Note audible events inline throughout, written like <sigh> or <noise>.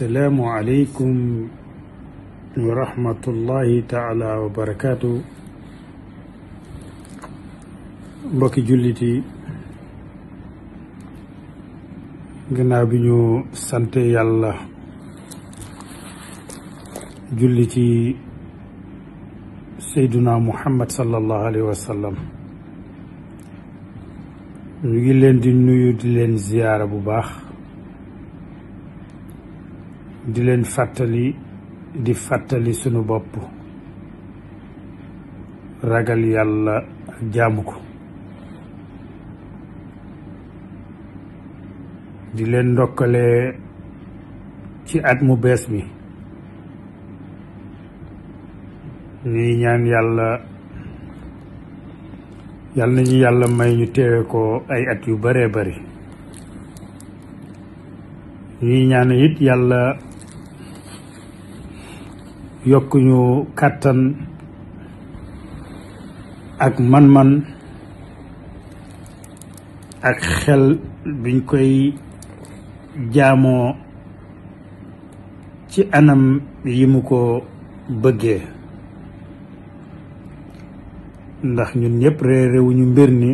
asalaamu aleykum wa rahmatullahi taala wa barakaatu mbokki jullit yi gannaaw bi ñu sante yàlla julli ci sayduna muhammad sallallahu alayhi wa sallam mu ngi leen di nuyu di leen ziyaara bu baax di leen fàttali di fàttali sunu bopp ragal yàlla ak jaamu ko di leen ndokkale ci at mu bees bi ñuy ñaan yàlla yàlla nañu yàlla may ñu teewe ko ay at yu baree bari ñuy ñaan it yàlla yokk ñu kàttan ak man-man ak xel biñ koy jaamoo ci anam yi mu ko bëggee ndax ñun ñëpp réeréwuñu mbir ni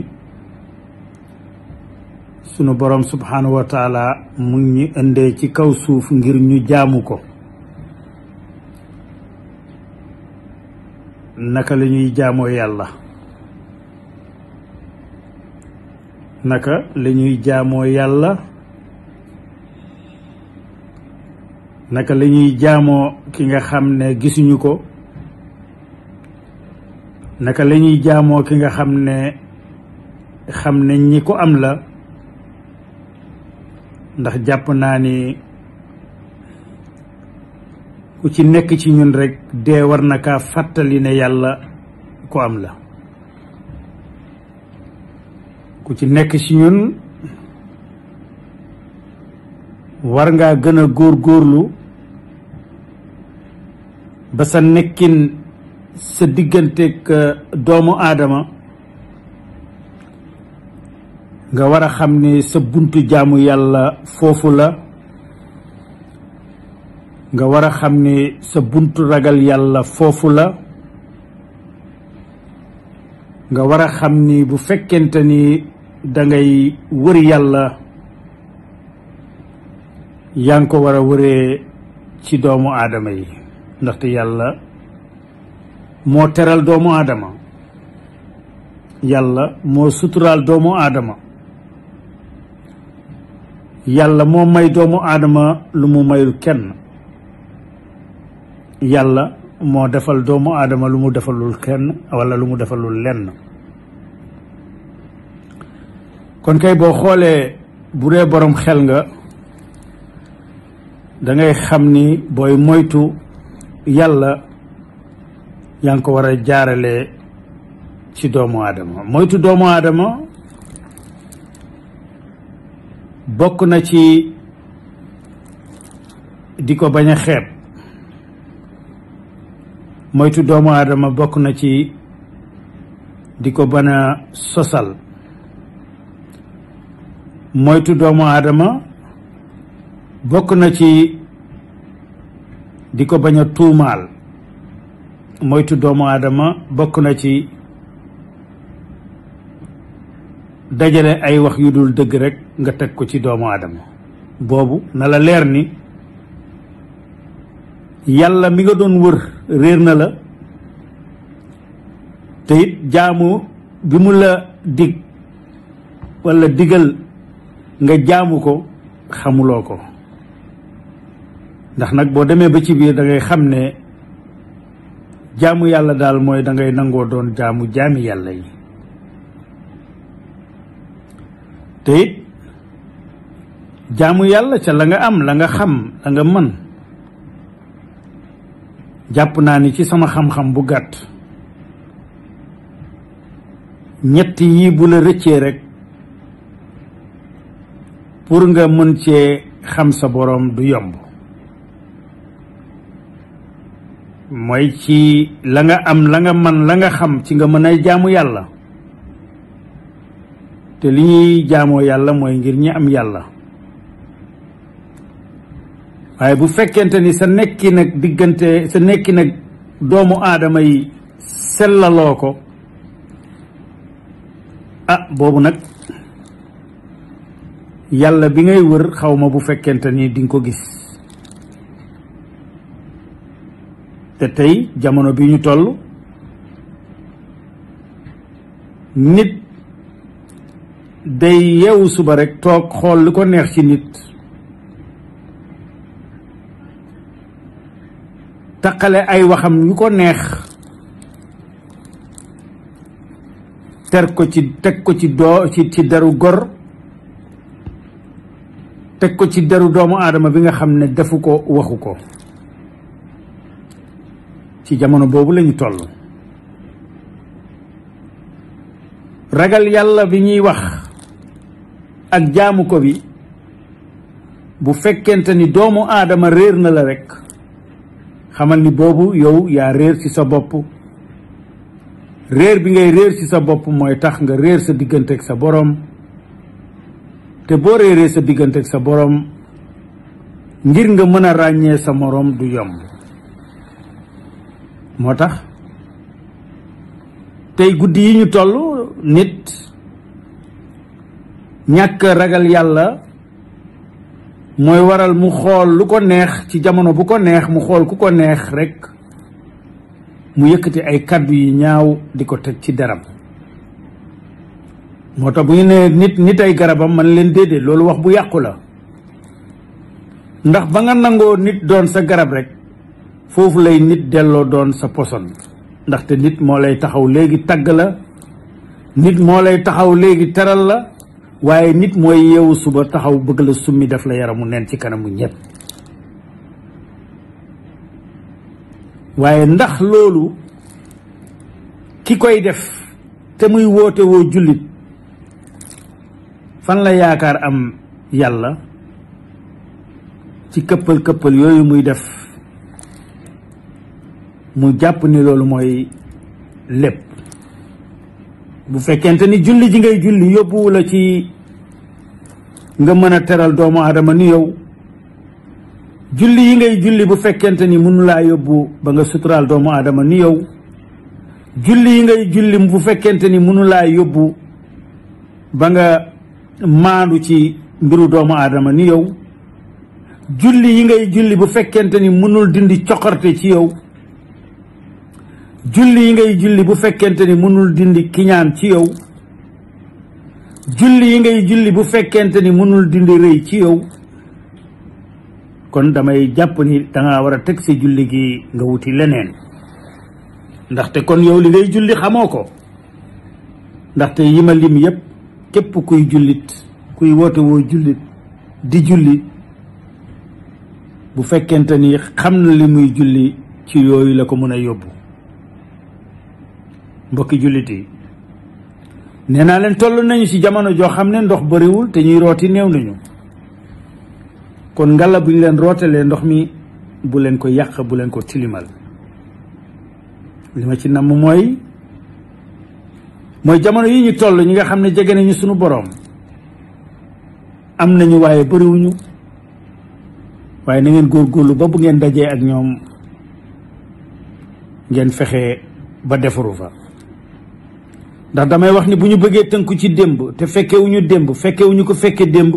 sunu boroom subhanahu wa mu ñu indee ci kaw suuf ngir ñu jaamu ko naka lañuy ñuy jaamoo yàlla naka lañuy ñuy jaamoo yàlla naka lañuy ñuy jaamoo ki nga xam ne gisuñu ko naka lañuy ñuy jaamoo ki nga xam ne xam ne ñi ko am la ndax jàpp naa ni ku ci nekk ci ñun rekk dee war na kaa fàttali ne yàlla ku am la ku ci nekk ci ñun war ngaa gën a góor góorlu ba sa nekkin sa digganteeg euh, doomu aadama nga war a xam ni sa buntu jaamu yàlla foofu la nga war a xam ni sa buntu ragal yàlla foofu la nga war a xam ni bu fekkente ni dangay wër yàlla yaa ngi ko war a wëree ci doomu aadama yi ndaxte yàlla moo teral doomu aadama yàlla moo suturaal doomu aadama yàlla moo may doomu aadama lu mu mayul kenn yàlla moo defal doomu aadama lu mu defalul kenn wala lu mu defalul lenn kon kay boo xoolee bu dee boroom xel nga dangay xam ni booy moytu yàlla yaa ngi ko war a jaarale ci doomu aadama moytu doomu aadama bokk na ci di ko bañ a xeeb moytu doomu aadama bokk na ci di ko ban a sosal moytu doomu aadama bokk na ci di ko bañ a tuumaal moytu doomu aadama bokk na ci dajale ay wax yu dul dëgg rekk nga teg ko ci doomu aadama boobu na la leer ni yàlla mi nga doon wër réer na la te jaamu bi mu la dig walla digal nga jaamu ko xamuloo ko ndax nag boo demee ba ci biir dangay xam ne jaamu yàlla daal mooy dangay nangoo doon jaamu jaami yàlla yi te jaamu yàlla ca la nga am la nga xam la nga mën jàpp naa ni ci sama xam-xam bu gàtt ñett yi bu la rëccee rek pour nga mën cee xam sa borom du yomb mooy ci la nga am la nga man la nga xam ci nga mën a jaamu yàlla te li ñuy jaamoo yàlla mooy ngir ñi am yàlla waaye bu fekkente ni sa nekki nag diggante sa nekki nag doomu aadama yi sellaloo ko ah boobu nag yàlla bi ngay wër xaw ma bu fekkente ni dinga ko gis te tey jamono bi ñu toll nit day yeewu suba rek toog xool li ko neex ci nit taqale ay waxam yu ko neex ter ko ci teg ko ci doo ci ci deru gor teg ko ci deru doomu aadama bi nga xam ne defu ko waxu ko ci jamono boobu lañu toll ragal yàlla bi ñuy wax ak jaamu ko bi bu fekkente ni doomu aadama réer na la rekk xamal ni boobu yow yaa réer ci sa bopp réer bi ngay réer ci sa bopp mooy tax nga réer sa diggante ak sa boroom te boo réeree sa diggante ak sa boroom ngir nga mën a ràññee sa moroom du yomb moo tax tey guddi yi ñu toll nit ñàkk ragal yàlla mooy waral mu xool lu ko neex ci jamono bu ko neex mu xool ku ko neex rekk mu yëkkati ay kàddu yi ñaaw di ko teg ci deram moo tax bu nee nit nit ay garabam man leen déedéet loolu wax bu yàqu la ndax ba nga nangoo nit doon sa garab rekk foofu lay nit delloo doon sa poson ndaxte nit moo lay taxaw léegi tàgg la nit moo lay taxaw léegi teral la waaye nit mooy yeewu suba taxaw bëgg la summi def la yaramu neen ci kanamu ñëpp waaye ndax loolu ki koy def te muy woote woo jullit fan la yaakaar am yàlla ci këppal këppal yooyu muy def mu jàpp ni loolu mooy lépp bu fekkente ni julli ji ngay julli yóbbuwu la ci nga mën a teral doomu aadama ni yow julli yi ngay julli bu fekkente ni mënulaa yóbbu ba nga suturaal doomu aadama ni yow julli yi ngay julli bu fekkente ni mënulaa yóbbu ba nga maandu ci mbiru doomu aadama ni yow julli yi ngay julli bu fekkente ni mënul dindi coqarte ci yow julli yi ngay julli bu fekkente ni mënul dindi kiñaan ci yow julli yi ngay julli bu fekkente ni mënul dindi rëy ci yow kon damay jàpp ni danga war a teg si julli gi nga wuti leneen ndaxte kon yow li ngay julli xamoo ko ndaxte yi ma lim yépp képp kuy jullit kuy woote woo jullit di julli bu fekkente ni xam na li muy julli ci yooyu la ko mën a yóbbu mbokki jullit yi nee naa leen toll nañu ci jamono joo xam ne ndox bariwul te ñuy rooti néew nañu kon ngala bu ñu leen rootalee ndox mi bu leen ko yàq bu leen ko tilimal li ma ci namm mooy mooy jamono yi ñu toll ñi nga xam ne jege nañu suñu boroom am nañu waaye bariwuñu waaye na ngeen góorgóorlu ba bu ngeen dajee ak ñoom ngeen fexe ba defaru fa ndax damay wax ni bu ñu bëggee tënku ci démb te fekkewuñu démb fekkewuñu ko fekke démb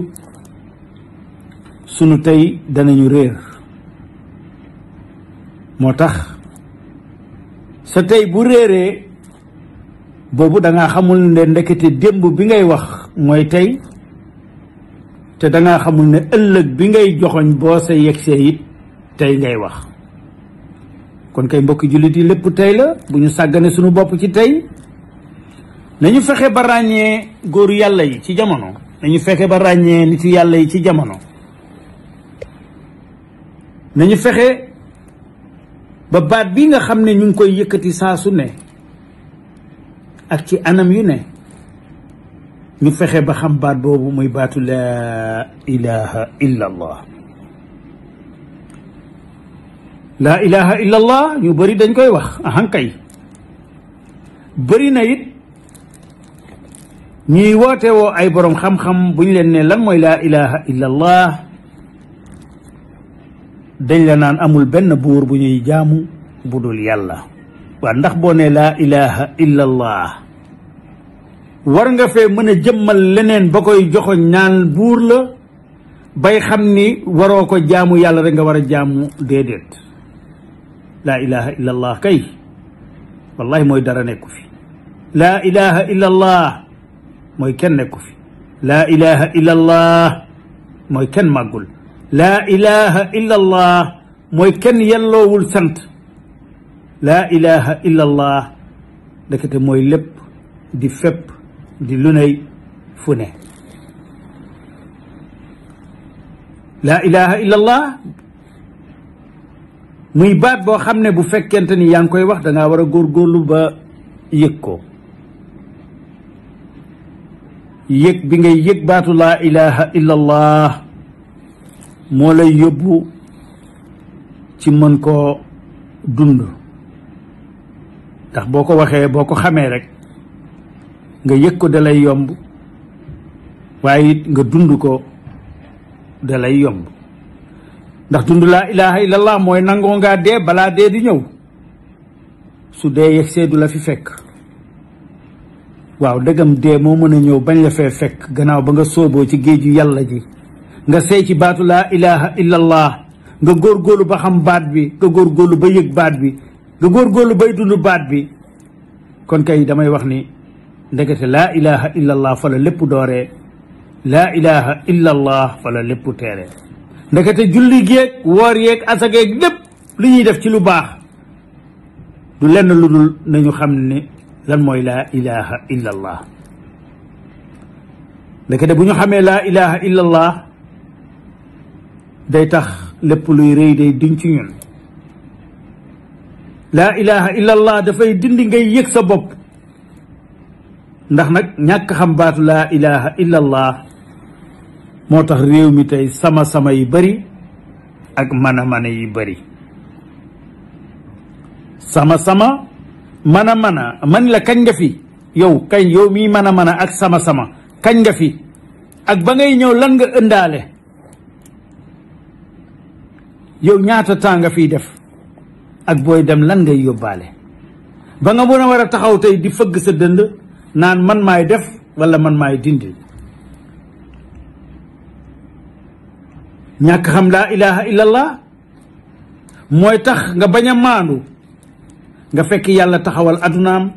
sunu tey danañu réer moo tax sa tey bu réeree boobu danga xamul ne ndekete démb bi ngay wax mooy tey te danga xamul ne ëllëg bi ngay joxoñ boo sa yegsee it tey ngay wax kon kay mbokki jullit yi lépp tey la bu ñu sàggane sunu bopp ci tey ñu fexe ba ràññee góor yàlla yi ci jamono nañu fexe ba ràññee nitu yàlla yi ci jamono nañu fexe ba baat bi nga xam ne ñu ngi koy yëkkati saa su ne ak ci anam yu ne ñu fexe ba xam baat boobu muy baatu laa ilaha illa allah laa ilaha illa allah ñu bari dañ koy wax ahankay bari na it ñuy woote woo ay borom xam-xam bu ñu leen ne lan mooy laa ilaha illa allah dañ la naan amul benn buur bu ñuy jaamu bu dul yàlla waa ndax boo ne laa ilaha illa allah war nga fee mën a jëmmal leneen ba koy joxoñ naan buur la bay xam ni waroo ko jaamu yàlla rek nga war a jaamu déedéet laa ilaha illa allah kay wallahi mooy dara nekku fi laa ilaha illa allah mooy kenn nekku fi laa ilaha illa allah mooy kenn màggul la ilaha illa allah mooy kenn yelloowul sant la ilaha illa allah ndekete mooy lépp di fépp di lu nay fu ne laa ilaha illa allah muy baat boo xam ne bu fekkente ni yaa ngi koy wax da ngaa war a góorgóorlu ba yëg ko yëg bi ngay yëg baatu laa ilaha illa moo lay yóbbu ci mën koo dund ndax boo ko waxee boo ko xamee rek nga yëg ko dalay yomb waaye it nga dund ko dalay yomb ndax dund laa ilaha illa allah mooy nangoo ngaa dee balaa dee di ñëw su dee yegg la fi fekk waaw ndegam dee moo mën a ñëw bañ la fee fekk gannaaw ba nga sooboo ci géeju yàlla ji nga seey ci baatu laa ilaha illa allah nga góorgóorlu ba xam baat bi nga góorgóorlu ba baat bi nga góorgóorlu bay dund baat bi kon kay damay wax ni ndekete laa ilaha illa allah fa la lépp doore laa ilaha illa fa la lépp teeree ndekete julli géeg woor yeeg asageeg lépp li ñuy def ci lu baax du lenn lu dul nañu xam ne lan mooy laa ilaha illa allah ndekete bu ñu xamee laa ilaha illa day tax lépp luy rëy day diñ ci ñun laa ilaha illa dafay dindi ngay yëg sa bopp ndax nag ñàkk xam baatu laa ilaha illa allah moo tax réew mi tey sama-sama yi bari ak mana-mana yi bari sama-sama mën a mën a man la kañ nga fi yow kañ yow mii mën a mën a ak sama-sama kañ nga fi ak ba ngay ñëw lan nga ëndaale yow ñaata tànga fi def ak booy dem lan ngay yóbbaale ba nga mën a war a taxaw tey di fëgg sa dënd naan man maay def walla man maay dindi ñàkk xam laa ilaha illallah mooy tax nga bañ a maandu nga fekk yàlla taxawal adunaam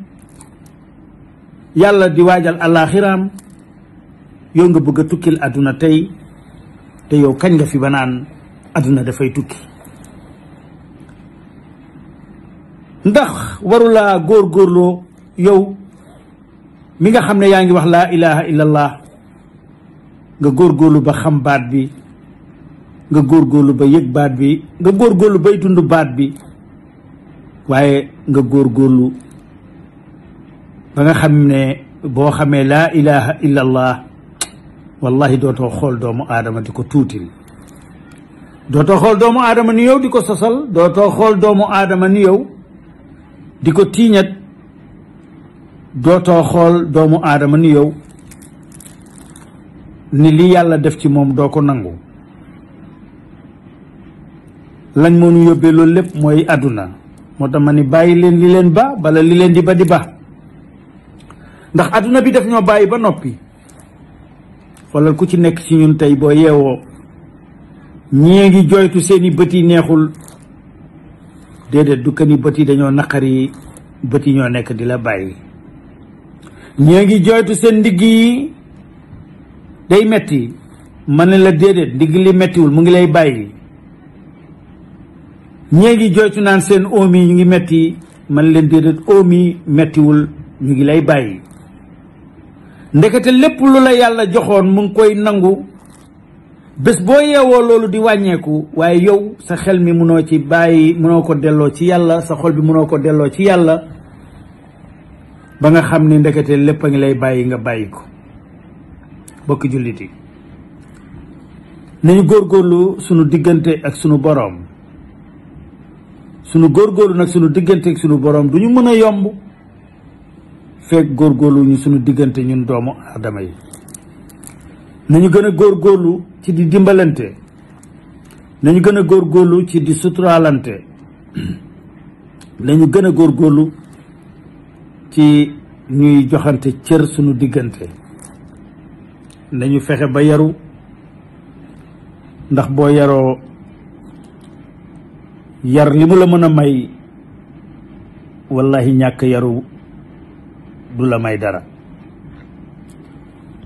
yàlla di waajal àllaaxiraam yow nga a tukkil aduna tey te yow kañ nga fi ba naan dafay tukki ndax warulaa góorgóorloo yow mi nga xam ne yaa ngi wax laa ilaha illallah nga góor góorlu ba xam baat bi nga góorgóorlu ba yëg baat bi nga góor góorgóorlu bay dund baat bi waaye nga góor góorlu ba nga xam ne boo xamee laa ilaha illa allah wallahi dootoo xool doomu aadama di ko tuuti dootoo xool doomu aadama ni yow di ko sosal dootoo xool doomu aadama ni yow di ko tiiñat dootoo xool doomu aadama ni yow ni li yàlla def ci moom doo ko nangu lañ moo nu yóbbee loolu lépp mooy àdduna moo tax ma ni bàyyi leen li leen ba bala li leen di ba di ba ndax àdduna bi daf ñoo bàyyi ba noppi xoolal ku ci nekk ci ñun tey boo yeewoo ñii ngi joytu seeni bët yi neexul déedéet du ko bët yi dañoo naqari bët yi ñoo nekk di la bàyyi ñii ngi joytu seen ndigg yi day metti ma ne la déedéet ndigg li mettiwul mu ngi lay bàyyi ñée ngi jooytu naan seen omi yi ñu ngi metti man leen déedéet oom yi mettiwul ñu ngi lay bàyyi ndekete lépp lu la yàlla joxoon mu ngi koy nangu bés boo yeewoo loolu di wàññeeku waaye yow sa xel mi mënoo ci bàyyi mënoo ko delloo ci yàlla sa xol bi mënoo ko delloo ci yàlla ba nga xam ni ndekete lépp a ngi lay bàyyi nga bàyyi ko bokki jullit yi góorgóorlu sunu diggante ak sunu boroom sunu góorgóorlu nag sunu diggante ak sunu borom du ñu mën a yomb fekk góorgóorlu ñu sunu diggante ñun doomu aadama yi nañu gën a góor góorlu ci di dimbalante nañu gën a góorgóorlu ci di suturaalante <clears throat> nañu gën a góorgóorlu ci ñuy joxante cër sunu diggante nañu fexe ba yaru ndax boo yaroo yar li mu la mën a may wallahi ñàkk yaru du la may dara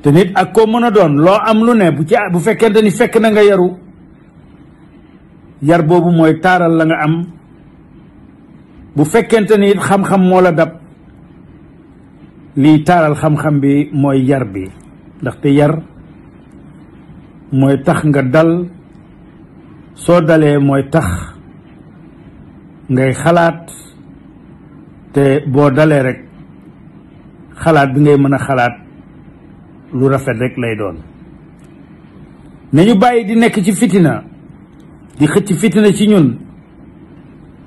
te nit ak koo mën a doon loo am lu ne bu ci bu fekkente ni fekk na nga yaru yar boobu mooy taaral la nga am bu fekkente ni xam-xam moo la dab lii taaral xam-xam bi mooy yar bi ndaxte yar mooy tax nga dal soo dalee mooy tax ngay xalaat te boo dalee rek xalaat bi ngay mën a xalaat lu rafet rek lay doon nañu bàyyi di nekk ci fitina di xëcc fitina ci ñun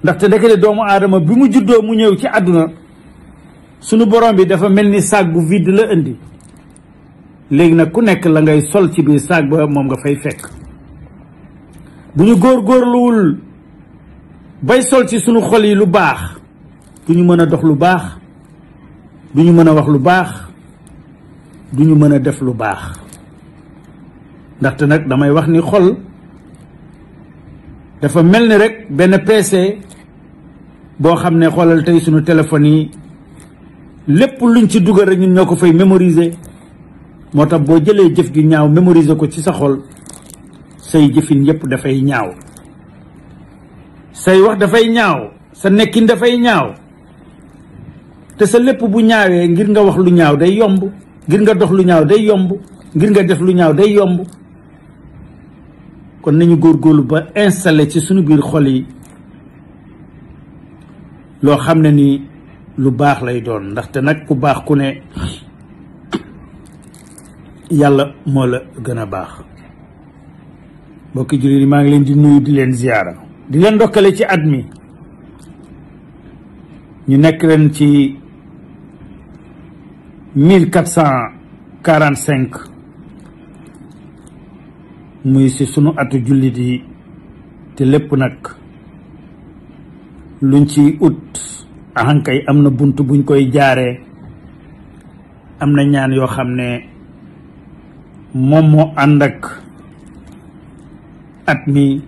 ndaxte ndeke de doomu aadama bi mu juddoo mu ñëw ci àdduna sunu borom bi dafa mel ni saag bu vide la indi léegi nag ku nekk la ngay sol ci biir saag ba moom nga fay fekk bu ñu góorgóorluwul bay sol ci sunu xol yi lu baax du ñu mën a dox lu baax du ñu mën a wax lu baax duñu mën a def lu baax ndaxte nag damay wax ni xol dafa mel ni rek benn PC boo xam ne xoolal tey suñu téléphone yi lépp luñ ci dugal rek ñun ñoo ko fay mémoriser moo tax boo jëlee jëf gi ñaaw mémoriser ko ci sa xol say jëfin yépp dafay ñaaw say wax dafay ñaaw sa nekkin dafay ñaaw te sa lépp bu ñaawee ngir nga wax lu ñaaw day yomb ngir nga dox lu ñaaw day yomb ngir nga def lu ñaaw day yomb kon nañu góorgóorlu ba installé ci suñu biir xol yi loo xam ne ni lu baax lay doon ndaxte nag ku baax ku ne yàlla moo la gën a baax mbokki jullit yi maa ngi leen di nuyu di leen ziyaara di leen ndokkale ci at mi ñu nekk leen ci mille quatre cent quarante cinq muy si sunu atu jullit yi te lépp nag luñ ci ut yi am na bunt buñ koy jaare am na ñaan yoo xam ne moom moo ànd ak at mi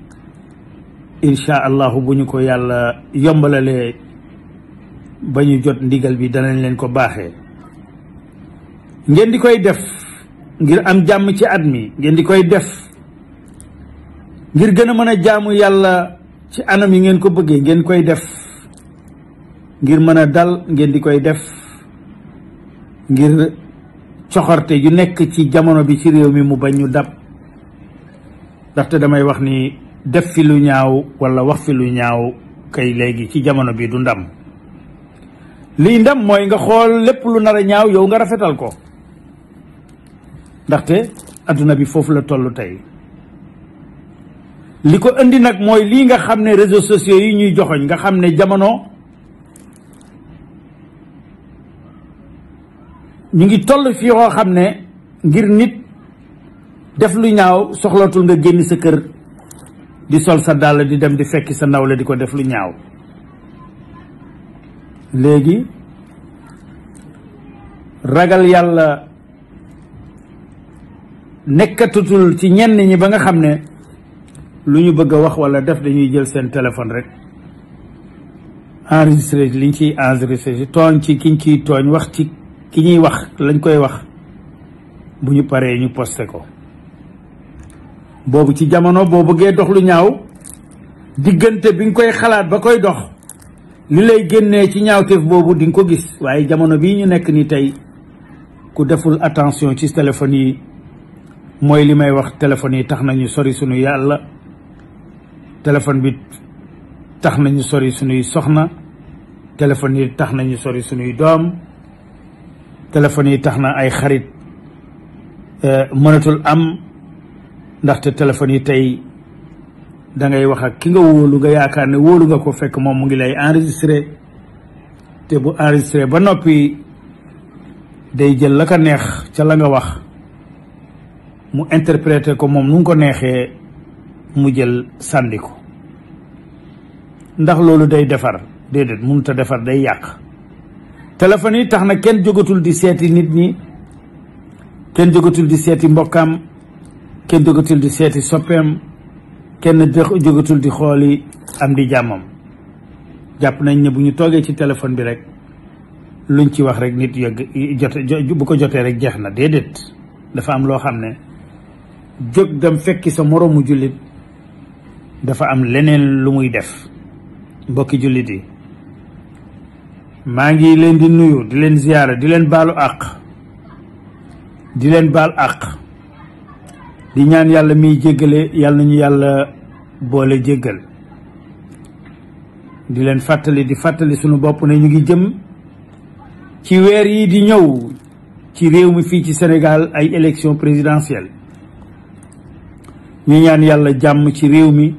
incha allahu bu ñu ko yàlla yombalalee ba ñu jot ndigal bi danañ leen ko baaxe ngeen di koy def ngir am jàmm ci at mi ngeen di koy def ngir gën a mën a jaamu yàlla ci anam yi ngeen ko bëggee ngeen koy def ngir mën a dal ngeen di koy def ngir coxorte yu nekk ci jamono bi ci réew mi mu bañ ñu dab ndaxte damay wax nii def fi lu ñaaw walla wax fi lu ñaaw kay léegi ci jamono bii du ndam liy ndam mooy nga xool lépp lu nar a ñaaw yow nga rafetal ko ndaxte adduna bi foofu la toll tey li ko indi nag mooy lii nga xam ne réseaux sociaux yi ñuy joxoñ nga xam ne jamono ñu ngi toll fi yoo xam ne ngir nit def lu ñaaw soxlatul nga génn sa kër di sol sa dàll di dem di fekki sa nawle di ko def lu ñaaw léegi ragal yàlla nekkatutul ci ñenn ñi ba nga xam ne lu ñu bëgg a wax walla def dañuy jël seen téléphone rek enregistré liñ ciy enregistré ci tooñ ci kiñ ciy tooñ wax ci ki ñuy wax lañ koy wax bu ñu paree ñu posté ko boobu ci jamono boo bëggee dox lu ñaaw diggante bi nga koy xalaat ba koy dox li lay génnee ci ñaaw ñaawteef boobu di nga ko gis waaye jamono bii ñu nekk ni tey ku deful attention ci téléphone yi mooy li may wax téléphone yi tax nañu sori sunu yàlla téléphone bi tax nañu sori sunuy soxna téléphone yi tax nañu sori sunuy doom téléphone yi tax na ay xarit euh, mënatul am ndaxte téléphone yi tey dangay ngay wax ak ki nga wóolu nga yaakaar ne wóolu nga ko fekk moom mu ngi lay enregistré te bu enregistré ba noppi day jël la ko neex ca la nga wax mu interprété ko moom nu ko neexee mu jël sànni ko ndax loolu day defar déedéet mënut defar day yàq téléphone yi tax na kenn jógatul di seeti nit ñi kenn jógatul di seeti mbokkam kenn jógatul di seeti soppeem kenn jógatul di xooli am di jàmmam jàpp nañ ne bu ñu toogee ci téléphone bi rek luñ ci wax rek nit yëg jote bu ko jotee rek jeex na déedéet dafa am loo xam ne jóg dem fekki sa moroomu jullit dafa am leneen lu muy def mbokki jullit yi maa ngi leen di nuyu di leen ziyaara di leen baalu àq di leen baal àq di ñaan yàlla miy jéggale yàlla ñu yàlla boole jéggal di leen fàttali di fàttali sunu bopp na ñu ngi jëm ci weer yi di ñëw ci réew mi fii ci Sénégal ay élection présidentielle ñu ñaan yàlla jàmm ci réew mi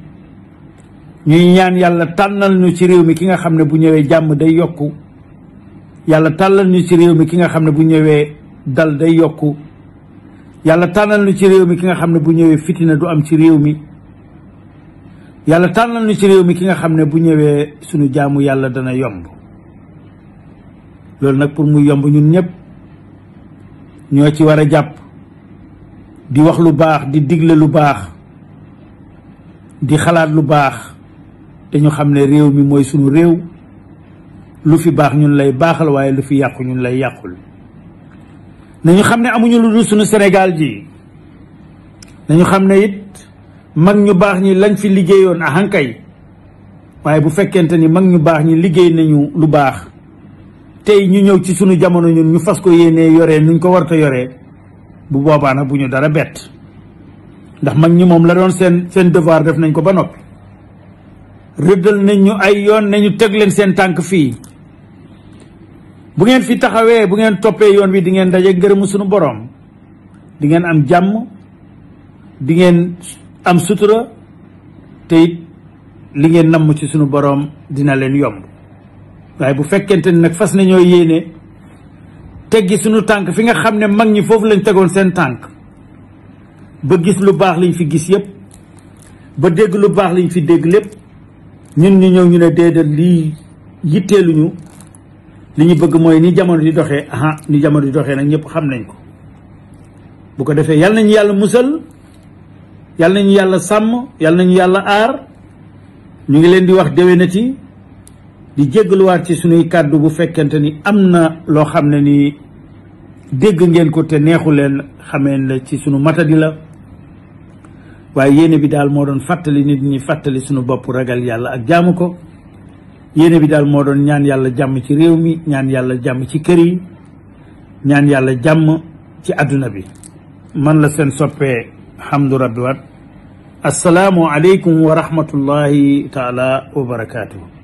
ñuy ñaan yàlla tànnal ñu ci réew mi ki nga xam ne bu ñëwee jàmm day yokku yàlla tàllal ñu ci réew mi ki nga xam ne bu ñëwee dal day yokku yàlla tànnal na ci réew mi ki nga xam ne bu ñëwee fitina du am ci réew mi yàlla tànnal na ci réew mi ki nga xam ne bu ñëwee suñu jaamu yàlla dana yomb loolu nag pour muy yomb ñun ñëpp ñoo ci war a jàpp di wax lu baax di digle lu baax di xalaat lu baax te dañu xam ne réew mi mooy suñu réew lu fi baax ñun lay baaxal waaye lu fi yàqu ñun lay yàqul nañu xam ne amuñu lu dul suñu Sénégal ji nañu xam ne it mag ñu baax ñi lañ fi liggéeyoon ahankay waaye bu fekkente ni mag ñu baax ñi liggéey nañu lu baax tey ñu ñëw ci suñu jamono ñun ñu fas ko yéene yoree nuñ ko warta yoree bu boobaa nag bu ñu dara bett ndax mag ñi moom la doon seen seen devoir def nañ ko ba noppi rëddal nañ ñu ay yoon nañu teg leen seen tànk fii bu ngeen fi taxawee bu ngeen toppee yoon wi di ngeen daje ngërëmu sunu boroom dingeen am jàmm dingeen am sutura te li ngeen namm ci sunu boroom dina leen yomb waaye bu fekkente ni nag fas nañoo yéene teggi sunu tànk fi nga xam ne mag ñi foofu lañ tegoon seen tànk ba gis lu baax liñ fi gis yépp ba dégg lu baax liñ fi dégg lépp ñun ñu ñëw ñu ne déedéet lii yitteeluñu li ñu bëgg mooy ni jamono di doxee ah ni jamono di doxee nag ñëpp xam nañ ko bu ko defee yal nañu yàlla musal yal nañu yàlla sàmm yal nañu yàlla aar ñu ngi leen di wax déwénati di jéggaluwaat ci suñuy kàddu bu fekkente ni am na loo xam ne ni dégg ngeen ko te neexu leen xamee la ci sunu matadi la waaye yéene bi daal moo doon fàttali nit ñi fàttali sunu bopp ragal yàlla ak jaamu ko yéene bi daal moo doon ñaan yàlla jàmm ci réew mi ñaan yàlla jàmm ci kër yi ñaan yàlla jàmm ci àdduna bi man la seen soppee Hamdou Rabby Wane asalaamu aleykum wa rahmatullahi taala wa barakaatu.